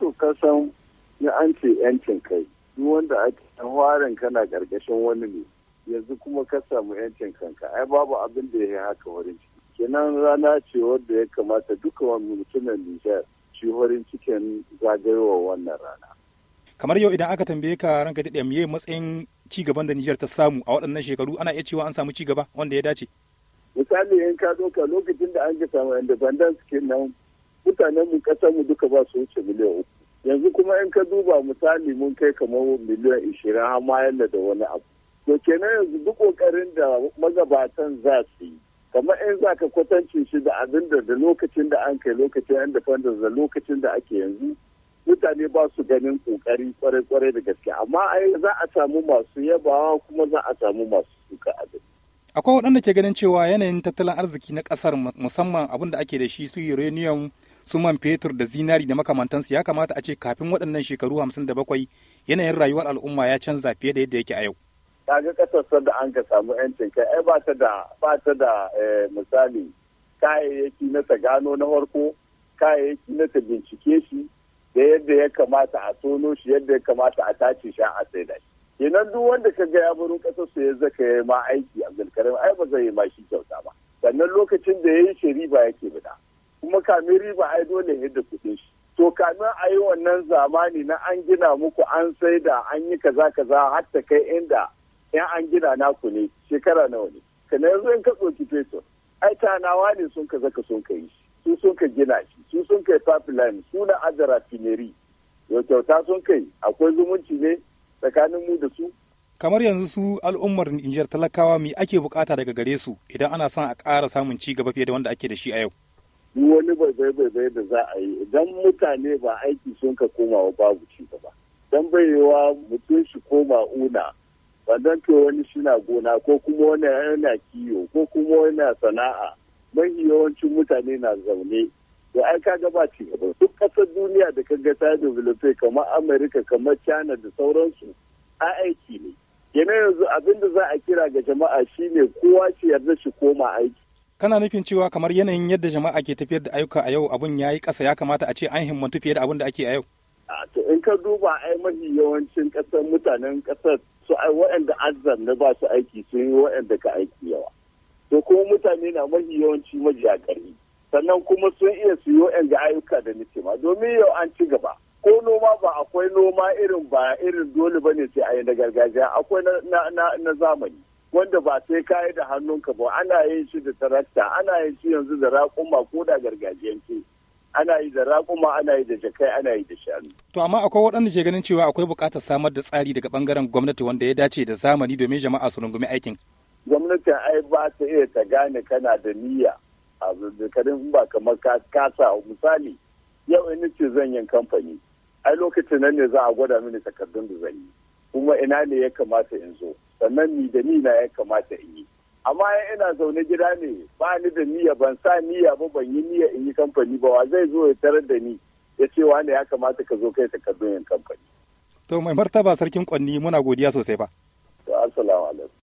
to kasan ya an ce yancin kai duk wanda ake warin kana karkashin wani ne yanzu kuma ka samu yancin kanka ai babu abin da ya yi haka wurin ciki kenan rana ce wadda ya kamata duka wani mutumin nijar shi wurin cikin zagayowar wannan rana kamar yau idan aka tambaye ka ranka ɗaya me matsayin ci gaban da Nijar ta samu a waɗannan shekaru ana iya cewa an samu ci gaba wanda ya dace misali in ka doka lokacin da an ga samu independence kenan mutanen mu kasar mu duka ba su wuce miliyan uku yanzu kuma in ka duba misali mun kai kamar miliyan ishirin har ma da wani abu to kenan yanzu duk kokarin da magabatan za su yi kamar in za ka kwatance shi da abin da da lokacin da an kai lokacin independence da lokacin da ake yanzu mutane ba su ganin kokari kwarai-kwarai da gaske amma ai za a samu masu yabawa kuma za a samu masu suka abin akwai waɗanda ke ganin cewa yanayin tattalin arziki na ƙasar musamman abin da ake da shi su uranium su man fetur da zinari da makamantansu ya kamata a ce kafin waɗannan shekaru hamsin da bakwai yanayin rayuwar al'umma ya canza fiye da yadda yake a yau. kaga ƙasar da an ka samu yancin kai ai ba ta da ba ta da eh, misali kayayyaki na ta gano na farko kayayyaki na ta bincike shi da yadda ya kamata a tono shi yadda ya kamata a tace shi a saida shi kenan duk wanda ka ga ya baro kasar su ya zaka ya ma aiki a zulkarin ai ba zai yi ma shi kyauta ba sannan lokacin da ya yi shari'a yake bida kuma kamin riba ai dole da kuɗin shi to kamin a yi wannan zamani na an gina muku an sai da an yi kaza kaza har ta kai inda yan an gina naku ne shekara nawa ne na yanzu in ka tsoki fetur ai tanawa ne sun ka zaka sun ka yi su sun ka gina shi su sun kai pipeline su na aza rafineri yau kyauta sun kai akwai zumunci ne tsakanin mu da su kamar yanzu su al'ummar Nijar talakawa me ake bukata daga gare su idan ana son a kara samun ci gaba fiye da wanda ake da shi a yau duk wani baibai-baibai da za a yi idan mutane ba aiki sun ka koma wa babu ci gaba don mutum shi koma una wannan to wani shina gona ko kuma wani yana kiyo ko kuma wani sana'a mafi yawancin mutane na zaune to ai ga ba ci gaba duk kasar duniya da ka kaga ta develope kamar amerika kamar china da sauransu a aiki ne gina yanzu abin da za a kira ga jama'a shine kowa ce yarda shi koma aiki kana nufin cewa kamar yanayin yadda jama'a ke tafiyar da ayyuka a yau abun ya yi ƙasa ya kamata a ce an himmatu fiye da abun da ake a yau to in ka duba ai mafi yawancin ƙasar mutanen ƙasar su ai waɗanda azan na ba su aiki sun yi waɗanda ka aiki yawa to kuma mutane na mafi yawanci majiya gari sannan kuma sun iya su yi waɗanda ayyuka da nake ma domin yau an ci gaba ko noma ba akwai noma irin ba irin dole ba ne sai a yi na gargajiya akwai na zamani wanda ba sai kayi da hannunka ba ana yin shi da tarakta ana yin shi yanzu da raƙuma ko da gargajiyance ana yi da raƙuma ana yi da jakai ana yi da shanu. To amma akwai waɗanda ke ganin cewa akwai buƙatar samar da tsari daga ɓangaren gwamnati wanda ya dace da zamani domin jama'a su rungumi aikin. Gwamnatin ai ba ta iya ta gane kana da niyya a zazzakarin ba kamar kasa misali yau in ce zan yin kamfani ai lokacin nan ne za a gwada mini takardun da zan yi kuma ina ne ya kamata in zo. sannan ni da ni na ya kamata in yi amma ina zaune gida ne ba ni da niyya ban sa niyya ba ban yi niyya in yi kamfani ba wa zai zo ya tarar da ni ya ce wa ne ya kamata ka zo kai takardun yin kamfani. to mai martaba sarkin kwanni muna godiya sosai ba. to assalamu alaikum.